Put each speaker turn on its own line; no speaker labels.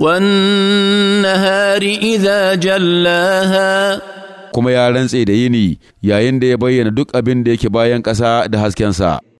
والنهار إذا laha.
kuma ya rantse da yini yayin da ya bayyana duk abin da yake bayan ƙasa da haskensa.